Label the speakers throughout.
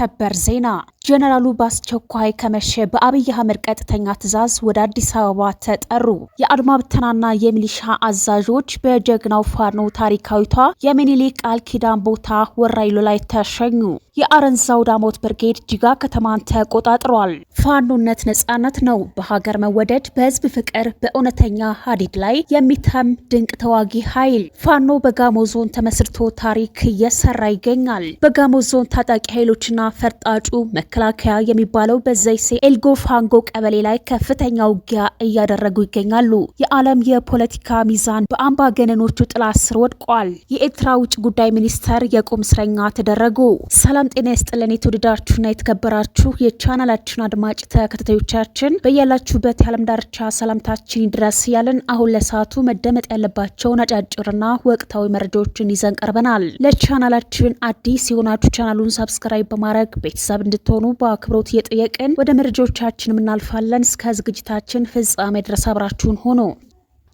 Speaker 1: have ሰበር ዜና ጀነራሉ በአስቸኳይ ከመሸ በአብይ አህመድ ቀጥተኛ ትዕዛዝ ወደ አዲስ አበባ ተጠሩ። የአድማ ብተናና የሚሊሻ አዛዦች በጀግናው ፋኖ ታሪካዊቷ የሚኒሊክ ቃል ኪዳን ቦታ ወራይሎ ላይ ተሸኙ። የአረንዛው ዳሞት ብርጌድ ጅጋ ከተማን ተቆጣጥሯል። ፋኖነት ነጻነት ነው፣ በሀገር መወደድ፣ በህዝብ ፍቅር፣ በእውነተኛ ሀዲድ ላይ የሚተም ድንቅ ተዋጊ ኃይል ፋኖ በጋሞ ዞን ተመስርቶ ታሪክ እየሰራ ይገኛል። በጋሞ ዞን ታጣቂ ኃይሎችና ፈርጣጩ መከላከያ የሚባለው በዘይሴ ኤልጎ ፋንጎ ቀበሌ ላይ ከፍተኛ ውጊያ እያደረጉ ይገኛሉ። የዓለም የፖለቲካ ሚዛን በአምባ ገነኖቹ ጥላ ስር ወድቋል። የኤርትራ ውጭ ጉዳይ ሚኒስተር የቁም እስረኛ ተደረጉ። ሰላም ጤና ይስጥልን። የተወደዳችሁና የተከበራችሁ የቻናላችን አድማጭ ተከታታዮቻችን በያላችሁበት የዓለም ዳርቻ ሰላምታችን ይድረስ ያለን አሁን ለሰዓቱ መደመጥ ያለባቸውን አጫጭርና ወቅታዊ መረጃዎችን ይዘን ቀርበናል። ለቻናላችን አዲስ የሆናችሁ ቻናሉን ሰብስክራይብ በማድረግ ቤተሰብ እንድትሆኑ በአክብሮት እየጠየቅን ወደ መረጃዎቻችን እናልፋለን። እስከ ዝግጅታችን ፍጻሜ ድረስ አብራችሁን ሆኖ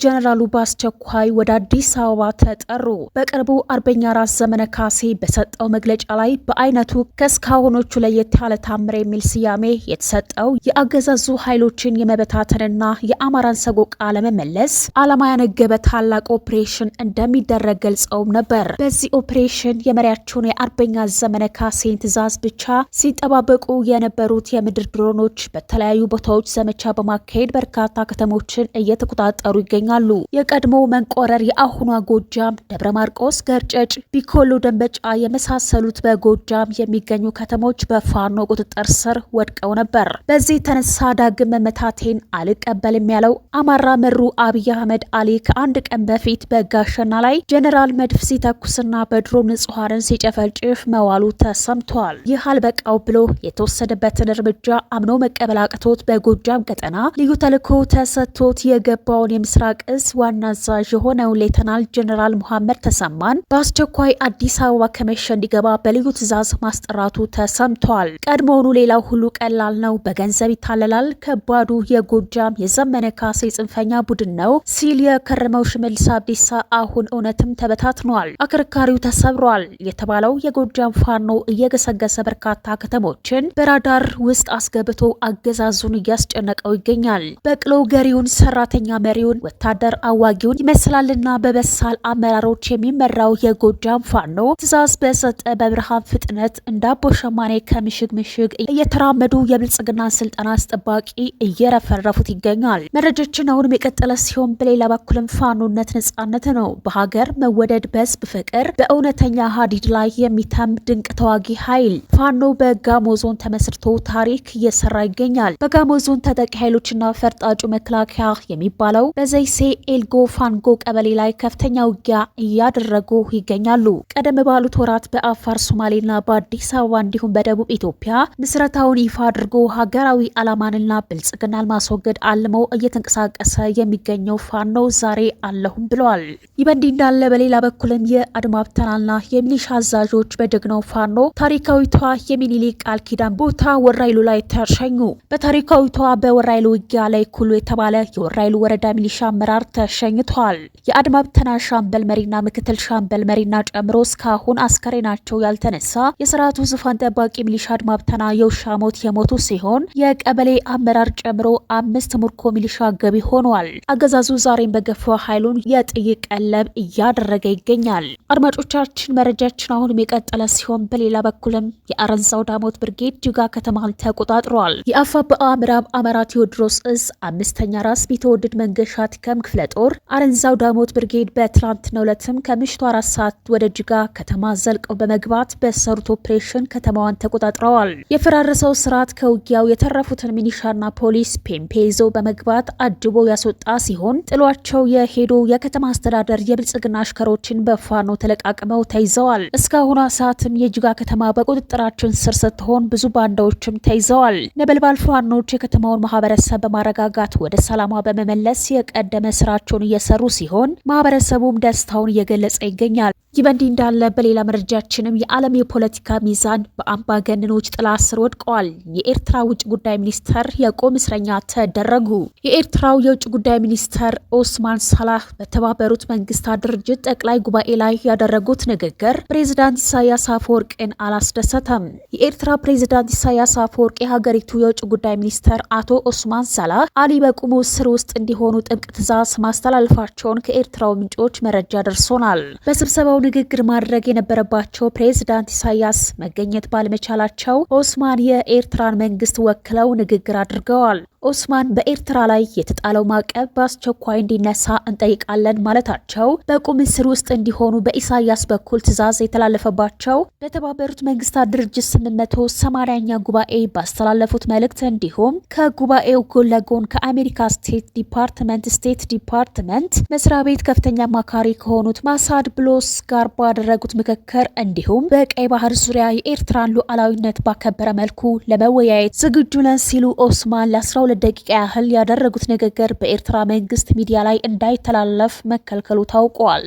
Speaker 1: ጀነራሉ በአስቸኳይ ወደ አዲስ አበባ ተጠሩ። በቅርቡ አርበኛ ራስ ዘመነ ካሴ በሰጠው መግለጫ ላይ በአይነቱ ከእስካሁኖቹ ለየት ያለ ታምር የሚል ስያሜ የተሰጠው የአገዛዙ ኃይሎችን የመበታተንና የአማራን ሰቆቃ ለመመለስ ዓላማ ያነገበ ታላቅ ኦፕሬሽን እንደሚደረግ ገልጸውም ነበር። በዚህ ኦፕሬሽን የመሪያቸውን የአርበኛ ዘመነ ካሴን ትዕዛዝ ብቻ ሲጠባበቁ የነበሩት የምድር ድሮኖች በተለያዩ ቦታዎች ዘመቻ በማካሄድ በርካታ ከተሞችን እየተቆጣጠሩ ይገኛል። ይገኛሉ። የቀድሞ መንቆረር፣ የአሁኗ ጎጃም፣ ደብረ ማርቆስ፣ ገርጨጭ፣ ቢኮሎ፣ ደንበጫ የመሳሰሉት በጎጃም የሚገኙ ከተሞች በፋኖ ቁጥጥር ስር ወድቀው ነበር። በዚህ ተነሳ ዳግም መመታቴን አልቀበልም ያለው አማራ መሩ አብይ አህመድ አሊ ከአንድ ቀን በፊት በጋሸና ላይ ጀኔራል መድፍ ሲተኩስና በድሮን ንጹሐንን ሲጨፈጭፍ መዋሉ ተሰምቷል። ይህ አልበቃው ብሎ የተወሰደበትን እርምጃ አምኖ መቀበል አቅቶት በጎጃም ቀጠና ልዩ ተልዕኮ ተሰጥቶት የገባውን የምስራቅ ምስራቅ እዝ ዋና አዛዥ የሆነው ሌተናል ጀኔራል መሐመድ ተሰማን በአስቸኳይ አዲስ አበባ ከመሸ እንዲገባ በልዩ ትዕዛዝ ማስጠራቱ ተሰምቷል። ቀድሞውኑ ሌላው ሁሉ ቀላል ነው፣ በገንዘብ ይታለላል፣ ከባዱ የጎጃም የዘመነ ካሴ ጽንፈኛ ቡድን ነው ሲል የከረመው ሽመልስ አብዲሳ አሁን እውነትም ተበታትኗል፣ አከርካሪው ተሰብሯል የተባለው የጎጃም ፋኖ እየገሰገሰ በርካታ ከተሞችን በራዳር ውስጥ አስገብቶ አገዛዙን እያስጨነቀው ይገኛል። በቅሎ ገሪውን፣ ሰራተኛ መሪውን፣ ወታ ወታደር አዋጊውን ይመስላልና በበሳል አመራሮች የሚመራው የጎጃም ፋኖ ትዕዛዝ በሰጠ በብርሃን ፍጥነት እንዳቦ ሸማኔ ከምሽግ ምሽግ እየተራመዱ የብልጽግና ስልጠና አስጠባቂ እየረፈረፉት ይገኛል። መረጃችን አሁንም የቀጠለ ሲሆን በሌላ በኩልም ፋኖነት ነጻነት ነው። በሀገር መወደድ፣ በህዝብ ፍቅር፣ በእውነተኛ ሀዲድ ላይ የሚተም ድንቅ ተዋጊ ኃይል ፋኖ በጋሞ ዞን ተመስርቶ ታሪክ እየሰራ ይገኛል። በጋሞ ዞን ተጠቂ ኃይሎችና ፈርጣጩ መከላከያ የሚባለው በዘይ ደሴ ኤልጎ ፋንጎ ቀበሌ ላይ ከፍተኛ ውጊያ እያደረጉ ይገኛሉ። ቀደም ባሉት ወራት በአፋር ሶማሌና በአዲስ አበባ እንዲሁም በደቡብ ኢትዮጵያ ምስረታውን ይፋ አድርጎ ሀገራዊ ዓላማንና ብልጽግና ለማስወገድ አልመው እየተንቀሳቀሰ የሚገኘው ፋኖ ዛሬ አለሁም ብለዋል። ይህ በእንዲህ እንዳለ በሌላ በኩልም የአድማ ብተናና የሚሊሻ አዛዦች በጀግናው ፋኖ ታሪካዊቷ የሚኒሊክ ቃል ኪዳን ቦታ ወራይሉ ላይ ተሸኙ። በታሪካዊቷ በወራይሉ ውጊያ ላይ ኩሉ የተባለ የወራይሉ ወረዳ ሚሊሻ አመራር ተሸኝቷል። የአድማ ብተና ሻምበል መሪና ምክትል ሻምበል መሪና ጨምሮ እስካሁን አስከሬናቸው ያልተነሳ የስርዓቱ ዙፋን ጠባቂ ሚሊሻ አድማ ብተና የውሻ ሞት የሞቱ ሲሆን የቀበሌ አመራር ጨምሮ አምስት ምርኮ ሚሊሻ ገቢ ሆኗል። አገዛዙ ዛሬም በገፋ ኃይሉን የጥይት ቀለብ እያደረገ ይገኛል። አድማጮቻችን መረጃችን አሁንም የቀጠለ ሲሆን በሌላ በኩልም የአረንዛው ዳሞት ብርጌድ ጅጋ ከተማን ተቆጣጥሯል። የአፋ በአምራብ ምዕራብ አማራ ቴዎድሮስ እዝ አምስተኛ ራስ ቢተወደድ መንገሻት ከም የጎጃም ክፍለ ጦር አረንዛው ዳሞት ብርጌድ በትላንትናው ዕለትም ከምሽቱ አራት ሰዓት ወደ ጅጋ ከተማ ዘልቀው በመግባት በሰሩት ኦፕሬሽን ከተማዋን ተቆጣጥረዋል። የፈራረሰው ስርዓት ከውጊያው የተረፉትን ሚኒሻና ፖሊስ ፔምፔ ይዘው በመግባት አጅቦ ያስወጣ ሲሆን ጥሏቸው የሄዱ የከተማ አስተዳደር የብልጽግና አሽከሮችን በፋኖ ተለቃቅመው ተይዘዋል። እስካሁኗ ሰዓትም የጅጋ ከተማ በቁጥጥራችን ስር ስትሆን ብዙ ባንዳዎችም ተይዘዋል። ነበልባል ፋኖች የከተማውን ማህበረሰብ በማረጋጋት ወደ ሰላሟ በመመለስ የቀደመ የሆነ ስራቸውን እየሰሩ ሲሆን ማህበረሰቡም ደስታውን እየገለጸ ይገኛል። ይህ በእንዲህ እንዳለ በሌላ መረጃችንም የዓለም የፖለቲካ ሚዛን በአምባገነኖች ጥላ ስር ወድቀዋል። የኤርትራ ውጭ ጉዳይ ሚኒስተር የቁም እስረኛ ተደረጉ። የኤርትራው የውጭ ጉዳይ ሚኒስተር ኦስማን ሳላህ በተባበሩት መንግስታት ድርጅት ጠቅላይ ጉባኤ ላይ ያደረጉት ንግግር ፕሬዚዳንት ኢሳያስ አፈወርቅን አላስደሰተም። የኤርትራ ፕሬዚዳንት ኢሳያስ አፈወርቅ የሀገሪቱ የውጭ ጉዳይ ሚኒስተር አቶ ኦስማን ሳላህ አሊ በቁሙ እስር ውስጥ እንዲሆኑ ጥብቅ ትዕዛዝ ማስተላለፋቸውን ከኤርትራው ምንጮች መረጃ ደርሶናል። በስብሰባው ንግግር ማድረግ የነበረባቸው ፕሬዝዳንት ኢሳያስ መገኘት ባለመቻላቸው ኦስማን የኤርትራን መንግስት ወክለው ንግግር አድርገዋል። ኦስማን በኤርትራ ላይ የተጣለው ማዕቀብ በአስቸኳይ እንዲነሳ እንጠይቃለን ማለታቸው በቁም እስር ውስጥ እንዲሆኑ በኢሳያስ በኩል ትዕዛዝ የተላለፈባቸው በተባበሩት መንግስታት ድርጅት ስምንት መቶ ሰማንያኛ ጉባኤ ባስተላለፉት መልእክት እንዲሁም ከጉባኤው ጎን ለጎን ከአሜሪካ ስቴት ዲፓርትመንት ስቴት ዲፓርትመንት መስሪያ ቤት ከፍተኛ አማካሪ ከሆኑት ማሳድ ብሎስ ጋር ባደረጉት ምክክር እንዲሁም በቀይ ባህር ዙሪያ የኤርትራን ሉዓላዊነት ባከበረ መልኩ ለመወያየት ዝግጁ ነን ሲሉ ኦስማን ለ12 ደቂቃ ያህል ያደረጉት ንግግር በኤርትራ መንግስት ሚዲያ ላይ እንዳይተላለፍ መከልከሉ ታውቋል።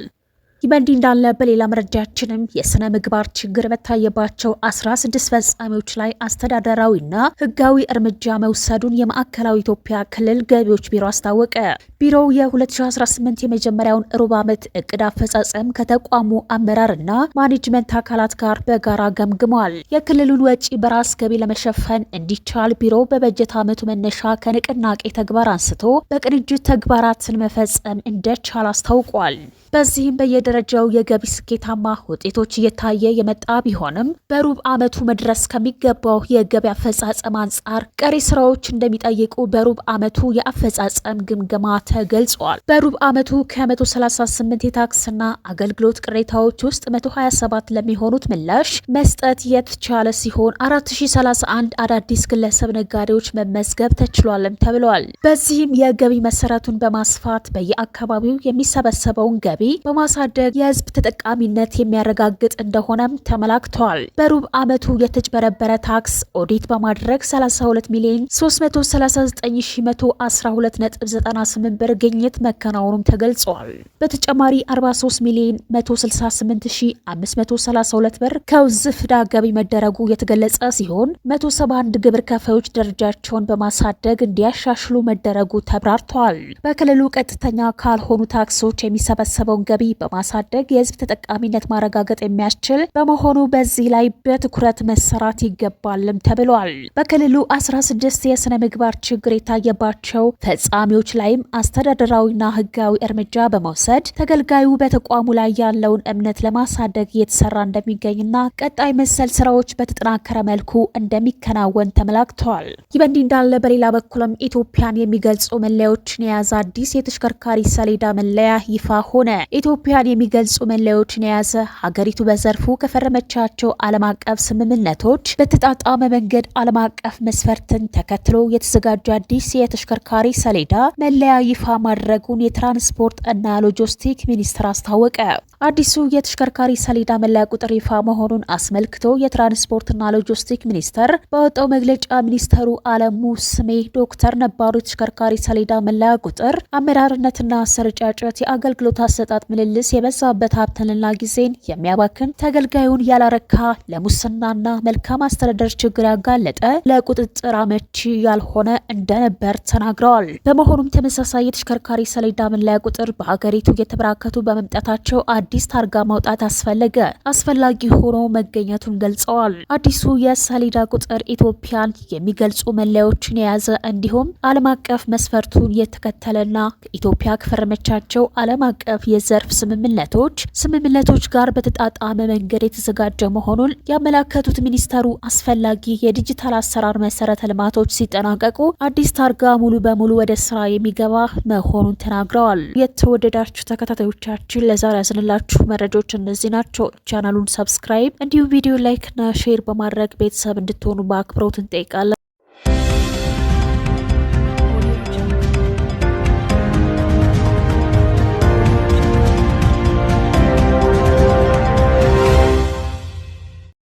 Speaker 1: ይህ በእንዲህ እንዳለ በሌላ መረጃችንም የስነ ምግባር ችግር በታየባቸው አስራ ስድስት ፈጻሚዎች ላይ አስተዳደራዊና ህጋዊ እርምጃ መውሰዱን የማዕከላዊ ኢትዮጵያ ክልል ገቢዎች ቢሮ አስታወቀ። ቢሮው የ2018 የመጀመሪያውን ሩብ ዓመት እቅድ አፈጻጸም ከተቋሙ አመራርና ማኔጅመንት አካላት ጋር በጋራ ገምግሟል። የክልሉን ወጪ በራስ ገቢ ለመሸፈን እንዲቻል ቢሮው በበጀት ዓመቱ መነሻ ከንቅናቄ ተግባር አንስቶ በቅንጅት ተግባራትን መፈጸም እንደቻል አስታውቋል። በዚህም በየ በየደረጃው የገቢ ስኬታማ ውጤቶች እየታየ የመጣ ቢሆንም በሩብ ዓመቱ መድረስ ከሚገባው የገቢ አፈጻጸም አንጻር ቀሪ ስራዎች እንደሚጠይቁ በሩብ ዓመቱ የአፈጻጸም ግምገማ ተገልጿል። በሩብ ዓመቱ ከ138 የታክስና አገልግሎት ቅሬታዎች ውስጥ 127 ለሚሆኑት ምላሽ መስጠት የተቻለ ሲሆን 4031 አዳዲስ ግለሰብ ነጋዴዎች መመዝገብ ተችሏልም ተብለዋል። በዚህም የገቢ መሰረቱን በማስፋት በየአካባቢው የሚሰበሰበውን ገቢ በማሳደ ማሳደግ የህዝብ ተጠቃሚነት የሚያረጋግጥ እንደሆነም ተመላክተዋል። በሩብ ዓመቱ የተጭበረበረ ታክስ ኦዲት በማድረግ 32 ሚሊዮን 339,112.98 ብር ግኝት መከናወኑም ተገልጿል። በተጨማሪ 43 ሚሊዮን 168532 ብር ከውዝፍ ፍዳ ገቢ መደረጉ የተገለጸ ሲሆን 171 ግብር ከፋዮች ደረጃቸውን በማሳደግ እንዲያሻሽሉ መደረጉ ተብራርተዋል። በክልሉ ቀጥተኛ ካልሆኑ ታክሶች የሚሰበሰበውን ገቢ በማ በማሳደግ የህዝብ ተጠቃሚነት ማረጋገጥ የሚያስችል በመሆኑ በዚህ ላይ በትኩረት መሰራት ይገባልም ተብሏል። በክልሉ 16 የስነ ምግባር ችግር የታየባቸው ፈጻሚዎች ላይም አስተዳደራዊና ህጋዊ እርምጃ በመውሰድ ተገልጋዩ በተቋሙ ላይ ያለውን እምነት ለማሳደግ እየተሰራ እንደሚገኝና ቀጣይ መሰል ስራዎች በተጠናከረ መልኩ እንደሚከናወን ተመላክተዋል። ይህ በእንዲህ እንዳለ በሌላ በኩልም ኢትዮጵያን የሚገልጹ መለያዎችን የያዘ አዲስ የተሽከርካሪ ሰሌዳ መለያ ይፋ ሆነ። ኢትዮጵያን የሚገልጹ መለያዎችን የያዘ ሀገሪቱ በዘርፉ ከፈረመቻቸው ዓለም አቀፍ ስምምነቶች በተጣጣመ መንገድ ዓለም አቀፍ መስፈርትን ተከትሎ የተዘጋጀ አዲስ የተሽከርካሪ ሰሌዳ መለያ ይፋ ማድረጉን የትራንስፖርት እና ሎጂስቲክ ሚኒስቴር አስታወቀ። አዲሱ የተሽከርካሪ ሰሌዳ መለያ ቁጥር ይፋ መሆኑን አስመልክቶ የትራንስፖርትና ሎጂስቲክ ሚኒስቴር በወጣው መግለጫ ሚኒስተሩ አለሙ ስሜ ዶክተር ነባሩ የተሽከርካሪ ሰሌዳ መለያ ቁጥር አመራርነትና አሰረጫጨት፣ የአገልግሎት አሰጣጥ ምልልስ የበዛበት ሀብትንና ጊዜን የሚያባክን ተገልጋዩን ያላረካ ለሙስናና መልካም አስተዳደር ችግር ያጋለጠ ለቁጥጥር አመቺ ያልሆነ እንደነበር ተናግረዋል። በመሆኑም ተመሳሳይ የተሽከርካሪ ሰሌዳ መለያ ቁጥር በሀገሪቱ እየተበራከቱ በመምጣታቸው አዲስ ታርጋ ማውጣት አስፈለገ አስፈላጊ ሆኖ መገኘቱን ገልጸዋል። አዲሱ የሰሌዳ ቁጥር ኢትዮጵያን የሚገልጹ መለያዎችን የያዘ እንዲሁም ዓለም አቀፍ መስፈርቱን የተከተለና ኢትዮጵያ ከፈረመቻቸው ዓለም አቀፍ የዘርፍ ስምምነቶች ስምምነቶች ጋር በተጣጣመ መንገድ የተዘጋጀ መሆኑን ያመላከቱት ሚኒስተሩ አስፈላጊ የዲጂታል አሰራር መሰረተ ልማቶች ሲጠናቀቁ አዲስ ታርጋ ሙሉ በሙሉ ወደ ስራ የሚገባ መሆኑን ተናግረዋል። የተወደዳችሁ ተከታታዮቻችን ለዛሬ ያዝንላችሁ ያላችሁ መረጃዎች እነዚህ ናቸው። ቻናሉን ሰብስክራይብ እንዲሁም ቪዲዮ ላይክና ሼር በማድረግ ቤተሰብ እንድትሆኑ በአክብሮት እንጠይቃለን።